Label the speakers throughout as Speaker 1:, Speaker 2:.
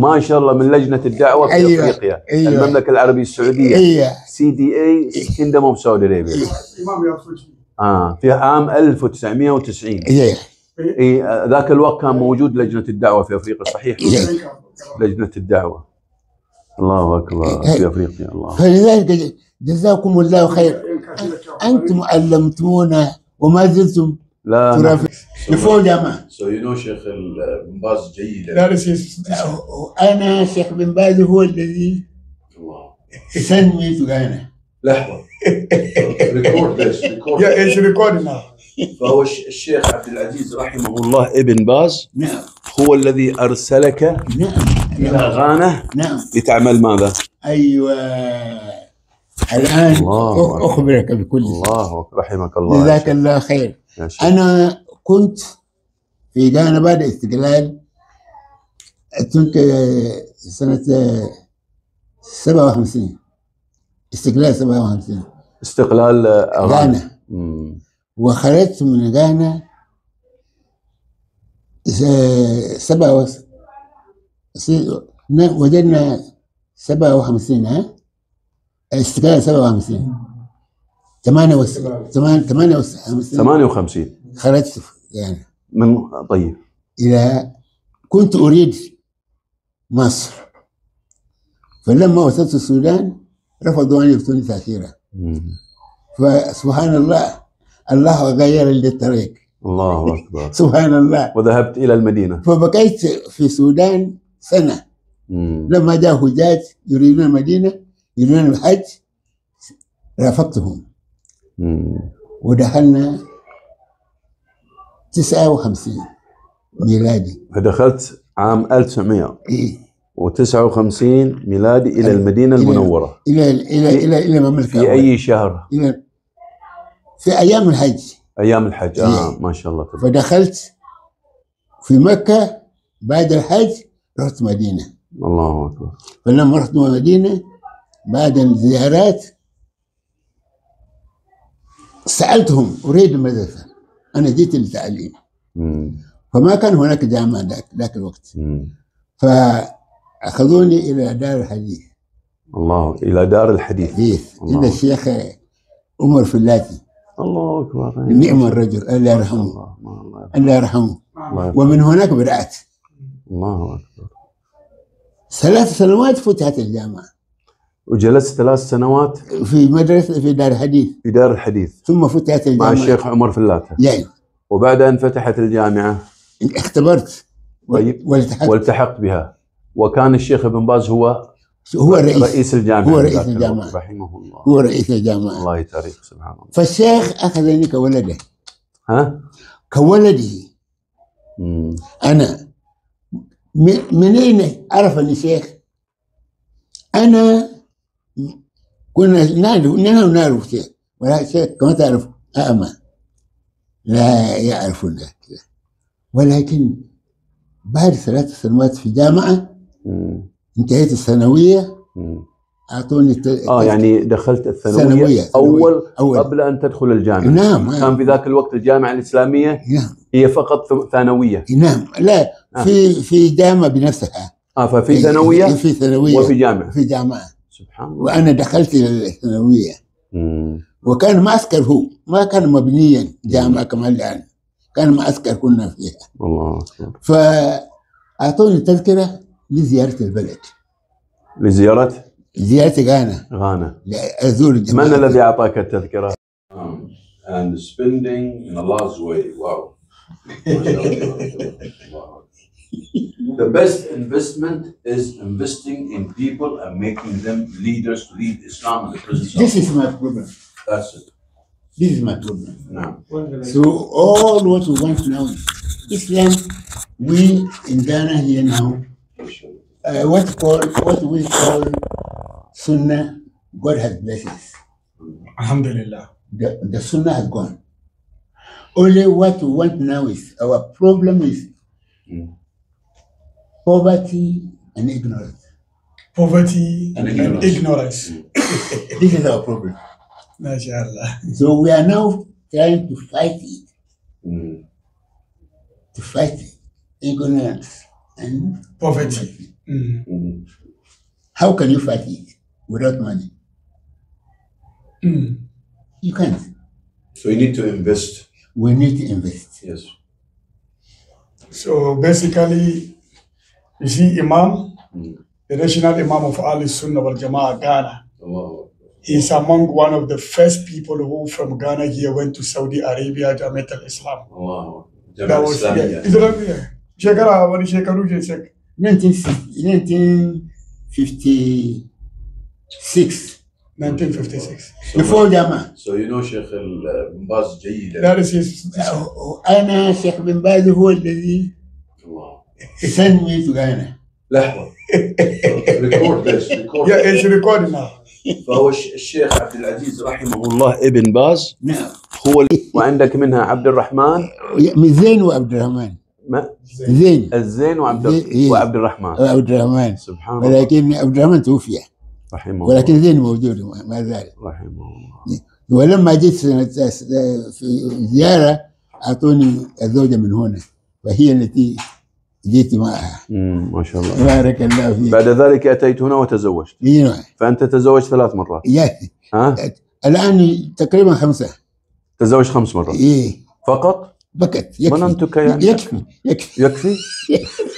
Speaker 1: ما شاء الله من لجنه الدعوه في أيوة. افريقيا أيوة. المملكه العربيه السعوديه أيوه. سي دي اي كيندم اوف سعودي ارابيا أيوة. اه في عام 1990 أيوة. اي ذاك الوقت كان موجود لجنه الدعوه في افريقيا صحيح أيوة. لجنه الدعوه الله اكبر في افريقيا الله فلذلك
Speaker 2: جزاكم الله خير انتم علمتمونا وما زلتم
Speaker 1: لا ترافق لفوق ما سو يو نو شيخ بن باز جيدا دارس
Speaker 2: انا شيخ بن باز هو الذي سمي غانا
Speaker 1: لحظه ريكورد ذس ريكورد اتس فهو الشيخ عبد العزيز رحمه الله ابن باز نعم هو الذي ارسلك نعم الى غانا نعم لتعمل ماذا؟ ايوه الان اخبرك بكل الله رحمك الله جزاك
Speaker 2: الله خير انا كنت في دهنا بعد استقلال كنت آه، سنة 57 آه، استقلال 57
Speaker 1: استقلال آه، غانا
Speaker 2: وخرجت من غانا 57 وجدنا 57 ها استقلال وخمسين 58 58 خرجت
Speaker 1: يعني من طيب
Speaker 2: إذا كنت أريد مصر فلما وصلت السودان رفضوا أن يفتوني تأثيرا فسبحان الله الله غير لي الطريق
Speaker 1: الله أكبر سبحان الله وذهبت إلى المدينة
Speaker 2: فبقيت في السودان سنة مم. لما جاء حجاج يريدون المدينة يريدون الحج
Speaker 1: رافقتهم
Speaker 2: ودخلنا 59 ميلادي
Speaker 1: فدخلت عام 1959 إيه. ميلادي الى المدينه المنوره
Speaker 2: الى الى الى الى المملكه في اي شهر؟ الى في ايام الحج
Speaker 1: ايام الحج اه إيه. ما شاء الله تبارك
Speaker 2: فدخلت في مكه بعد الحج رحت
Speaker 1: مدينه الله اكبر
Speaker 2: فلما رحت مدينه بعد الزيارات سالتهم اريد المدرسه انا جيت للتعليم فما كان هناك جامعه ذاك ذاك الوقت فاخذوني الى دار الحديث
Speaker 1: الله الى دار الحديث حديث الى
Speaker 2: الشيخ عمر فلاتي الله اكبر نعم الرجل الله يرحمه الله يرحمه ومن هناك بدات
Speaker 1: الله اكبر
Speaker 2: ثلاث سنوات فتحت الجامعه وجلست ثلاث سنوات في مدرسه في دار الحديث في دار الحديث ثم فتحت الجامعه مع الشيخ عمر
Speaker 1: فلاته يعني وبعد ان فتحت الجامعه اختبرت طيب والتحقت, والتحقت بها وكان الشيخ ابن باز هو
Speaker 2: هو رئيس, رئيس الجامعه هو رئيس الجامعه
Speaker 1: رحمه الله هو رئيس الجامعه الله يتاريخ سبحان الله فالشيخ اخذني
Speaker 2: كولده ها كولده مم. انا من اين عرفني الشيخ انا كنا نعرف نحن نعرف شيء ولا شيء كما تعرف أعمى لا يعرفون ذلك ولكن بعد ثلاث سنوات في الجامعة انتهيت الثانوية
Speaker 1: أعطوني التل... اه يعني دخلت الثانوية, الثانوية. أول, أول قبل أن تدخل الجامعة نعم كان في ذاك الوقت الجامعة الإسلامية نعم هي فقط ثانوية نعم
Speaker 2: لا آه. في في جامعة بنفسها
Speaker 1: اه ففي ثانوية في ثانوية وفي جامعة في جامعة سبحان الله وانا دخلت
Speaker 2: الثانويه وكان معسكر هو ما كان مبنيا جامعه كما الان كان معسكر كنا فيها
Speaker 1: الله اكبر
Speaker 2: فاعطوني تذكره لزياره البلد لزياره زياره غانا غانا لازور ازور من الذي
Speaker 1: اعطاك التذكره؟ um, and spending in Allah's way. Wow. the best investment is investing in people and making them leaders to lead Islam in the presence This is my problem. That's it. This is my problem. Now, So
Speaker 2: all what we want now, Islam, we in Ghana here now, uh, what call what we call Sunnah, God has blessed us. Alhamdulillah. The, the Sunnah has gone. Only what we want now is our problem is mm poverty and ignorance.
Speaker 1: Poverty and, and ignorance.
Speaker 2: this is our problem. So we are now
Speaker 1: trying to fight it.
Speaker 2: Mm. To fight ignorance and poverty. poverty. Mm. mm. How can you fight it without money? Mm. You can't. So you need to invest. We need to invest. Yes.
Speaker 1: So basically, is he Imam? Mm. The national Imam of Ali Sunnah wal Jama'ah Ghana. Wow. He's among one of the first people who from Ghana here went to Saudi Arabia to meet Islam. Wow. that was Islam, yeah. Islam, yeah. Shekara, what is Shekaru Jesek?
Speaker 2: 1956. 1956. So Before Jama.
Speaker 1: So you know Sheikh Bin Baz جيدا. That is his. know
Speaker 2: شيخ بن باز هو الذي send me to Ghana.
Speaker 1: لحظة ريكورد ريكورد يا از ريكورد فهو الشيخ عبد العزيز رحمه الله ابن باز نعم هو وعندك منها عبد الرحمن من
Speaker 2: زين وعبد الرحمن ما
Speaker 1: زين الزين وعبد إيه. وعبد الرحمن وعبد آه، الرحمن سبحان الله ولكن
Speaker 2: عبد الرحمن توفي رحمه ولكن الله ولكن زين موجود
Speaker 1: ما زال رحمه الله
Speaker 2: ولما جيت في زياره اعطوني الزوجه من هنا وهي التي جيت معها
Speaker 1: ما شاء الله بارك الله فيك بعد ذلك اتيت هنا وتزوجت اي نعم فانت تزوجت ثلاث مرات ياتي ها الان تقريبا خمسه تزوجت خمس مرات اي فقط
Speaker 2: بكت يكفي
Speaker 1: ظننتك يعني يكفي يكفي يكفي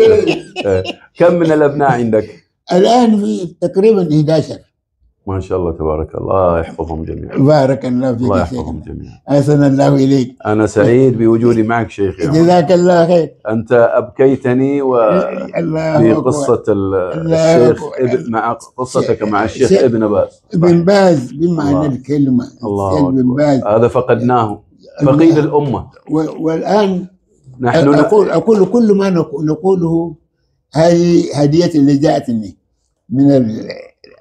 Speaker 1: كم من الابناء عندك؟ الان في
Speaker 2: تقريبا 11
Speaker 1: ما شاء الله تبارك الله يحفظهم جميعا بارك الله فيك الله يحفظهم جميعا
Speaker 2: أحسن الله إليك
Speaker 1: أنا سعيد بوجودي معك شيخي
Speaker 2: جزاك الله خير
Speaker 1: أنت أبكيتني و في قصة الشيخ ابن مع قصتك مع الشيخ ابن باز
Speaker 2: ابن باز بمعنى الكلمة
Speaker 1: الله ابن باز هذا فقدناه فقيد الأمة
Speaker 2: والآن
Speaker 1: نحن نقول
Speaker 2: أقول كل ما نقوله هذه هدية اللي جاءتني من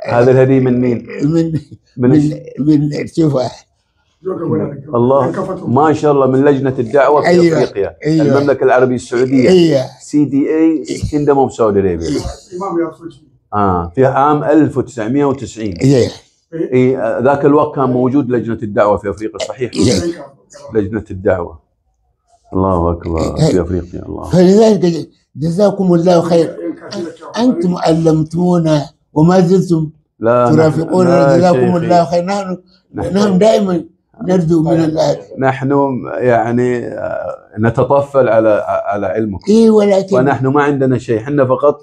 Speaker 1: هذه الهديه من مين؟ من من من, من ارتفاع الله ما شاء الله من لجنه الدعوه في أيوة افريقيا أيوة المملكه العربيه السعوديه أيوة. سي دي اي كيندم اوف سعودي ارابيا اه في عام 1990 اي إيه. إيه، ذاك الوقت كان موجود لجنه الدعوه في افريقيا صحيح إيه. لجنه الدعوه الله اكبر في افريقيا الله فلذلك
Speaker 2: جزاكم الله خير انتم علمتونا وما زلتم
Speaker 1: لا ترافقون جزاكم الله خير
Speaker 2: نحن نحن دائما نرجو من الله
Speaker 1: نحن يعني آه، نتطفل على على علمك اي ولكن ونحن ما عندنا شيء احنا فقط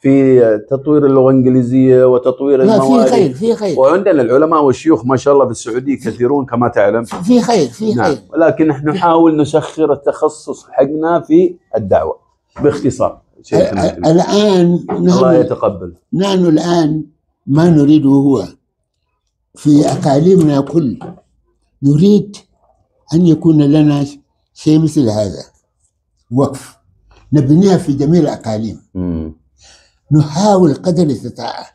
Speaker 1: في تطوير اللغه الانجليزيه وتطوير لا في خير في خير وعندنا العلماء والشيوخ ما شاء الله في السعوديه كثيرون كما تعلم في خير في نعم. خير نعم. ولكن نحن نحاول نسخر التخصص حقنا في الدعوه باختصار الان نحن الله يتقبل
Speaker 2: نحن الان ما نريده هو في أقاليمنا كل نريد أن يكون لنا شيء مثل هذا وقف نبنيها في جميع الأقاليم نحاول قدر الاستطاعة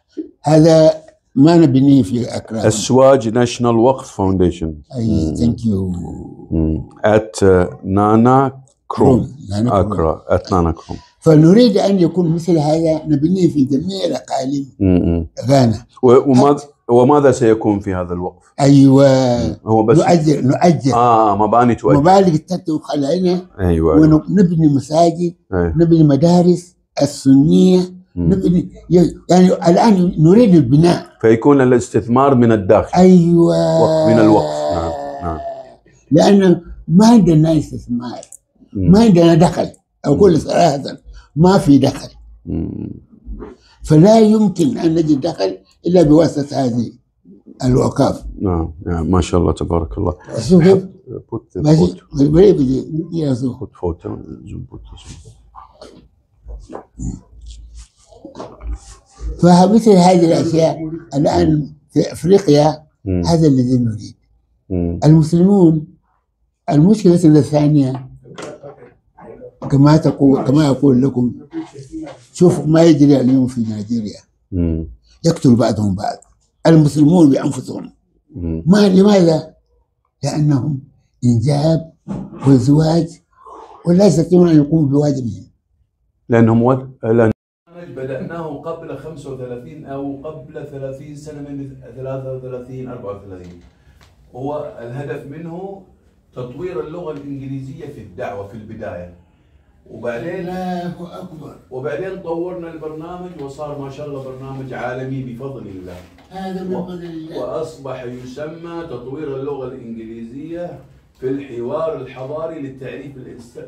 Speaker 2: هذا ما نبنيه في أكرام
Speaker 1: أسواج ناشونال وقف فاونديشن أي ثانك يو أت نانا كروم أكرا أت نانا كروم
Speaker 2: فنريد ان يكون مثل هذا نبنيه في جميع الاقاليم
Speaker 1: غانا وماذا وماذا سيكون في هذا الوقف؟
Speaker 2: ايوه
Speaker 1: هو بس نؤجر نؤجر اه, آه، مباني تؤجر مباني
Speaker 2: تتوخ علينا ايوه ونبني أيوة. مساجد أيوة. نبني مدارس السنيه نبني يعني الان نريد البناء
Speaker 1: فيكون الاستثمار من الداخل
Speaker 2: ايوه من الوقف
Speaker 1: نعم نعم
Speaker 2: لان ما عندنا استثمار ما عندنا دخل اقول صراحه ما في دخل فلا يمكن ان نجد دخل الا بواسطه هذه الوقاف
Speaker 1: نعم نعم ما شاء الله تبارك الله
Speaker 2: فمثل هذه الاشياء الان في افريقيا هذا الذي نريد المسلمون المشكله الثانيه كما تقول كما أقول لكم شوف ما يجري اليوم في نيجيريا يقتل بعضهم بعض المسلمون بأنفسهم ما لماذا؟ لأنهم إنجاب وزواج ولا يستطيعون أن يقوموا بواجبهم
Speaker 1: لأنهم و... لأن... بدأناه قبل 35 أو قبل 30 سنة من 33 34 هو الهدف منه تطوير اللغة الإنجليزية في الدعوة في البداية وبعدين الله اكبر وبعدين طورنا البرنامج وصار ما شاء الله برنامج عالمي بفضل الله هذا بفضل الله واصبح يسمى تطوير اللغه الانجليزيه في الحوار الحضاري للتعريف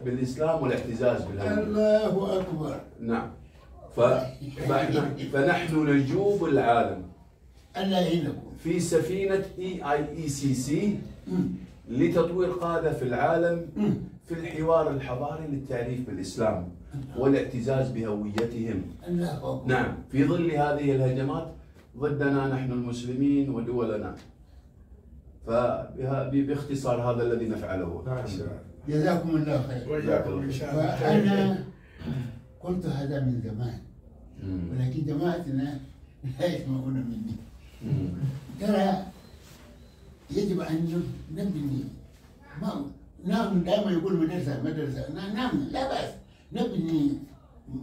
Speaker 1: بالاسلام والاعتزاز بالله الله اكبر نعم فنحن فنحن نجوب العالم الله يعينكم في سفينه اي اي اي سي سي لتطوير قادة في العالم في الحوار الحضاري للتعريف بالإسلام والاعتزاز بهويتهم نعم في ظل هذه الهجمات ضدنا نحن المسلمين ودولنا فباختصار هذا الذي نفعله
Speaker 2: جزاكم الله خير أنا كنت وأنا قلت هذا من زمان ولكن جماعتنا لا يسمعون مني ترى يجب ان نبني ما نعم دائما يقول مدرسه مدرسه نعم لا باس نبني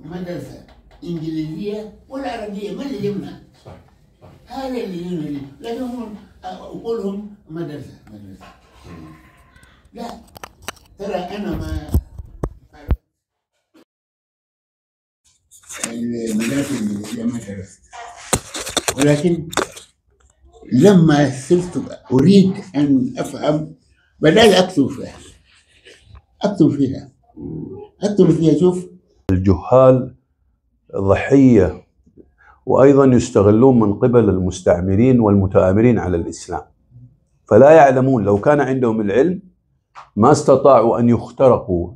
Speaker 2: مدرسه انجليزيه ولا عربيه ما اللي يمنع صح صح هذا اللي يمنع لكنهم اقولهم مدرسه مدرسه لا ترى انا ما المدارس الانجليزيه ما ولكن لما صرت أريد أن أفهم بدأت أكتب فيها أكتب فيها أكتب فيها شوف
Speaker 1: الجهال ضحية وأيضا يستغلون من قبل المستعمرين والمتآمرين على الإسلام فلا يعلمون لو كان عندهم العلم ما استطاعوا أن يخترقوا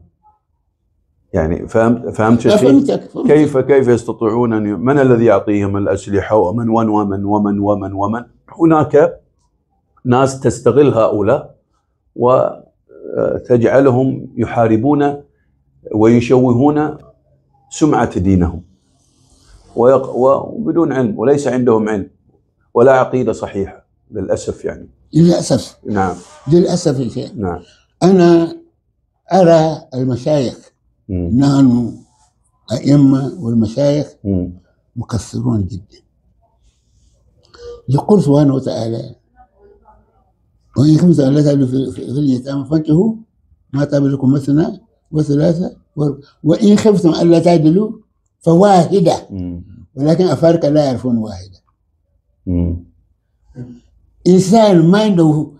Speaker 1: يعني فهمت فهمت شيء كيف كيف يستطيعون أن من الذي يعطيهم الأسلحة ومن ومن ومن ومن ومن, ومن هناك ناس تستغل هؤلاء وتجعلهم يحاربون ويشوهون سمعة دينهم وبدون علم وليس عندهم علم ولا عقيدة صحيحة للأسف يعني للأسف نعم للأسف الشيء
Speaker 2: نعم أنا أرى المشايخ نحن أئمة والمشايخ مم. مكثرون جدا يقول سبحانه وتعالى وإن خمسة لا تعلوا في اليتامى فانكحوا ما تاب لكم مثنى وثلاثة وإن خفتم ألا تعدلوا فواحدة ولكن أفارقة لا يعرفون واحدة إنسان ما عنده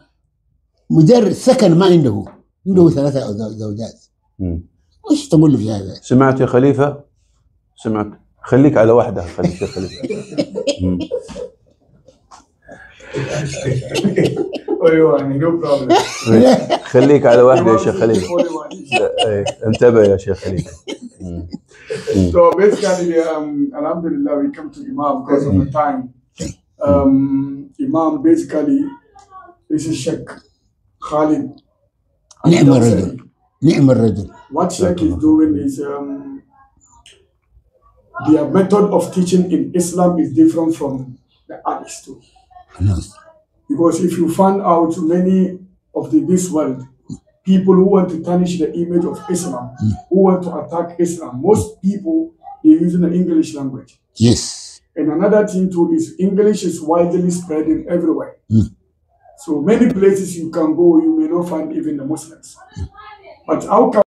Speaker 2: مجرد سكن ما عنده عنده ثلاثة زوجات وش تقول في هذا؟
Speaker 1: سمعت يا خليفة؟ سمعت خليك على واحدة خليك يا خليفة خليك على واحدة يا شيخ خليك انتبه يا شيخ خليك so basically um, alhamdulillah we come to imam because of the time um, imam basically this is sheikh khalid
Speaker 2: نعم الرجل نعم الرجل
Speaker 1: what sheikh is doing is um, their method of teaching in islam is different from the others too Yes. Because if you find out many of the, this world, people who want to tarnish the image of Islam, mm. who want to attack Islam, most people they're using the English language. Yes. And another thing too is English is widely spreading everywhere. Mm. So many places you can go, you may not find even the Muslims. Mm. But how come?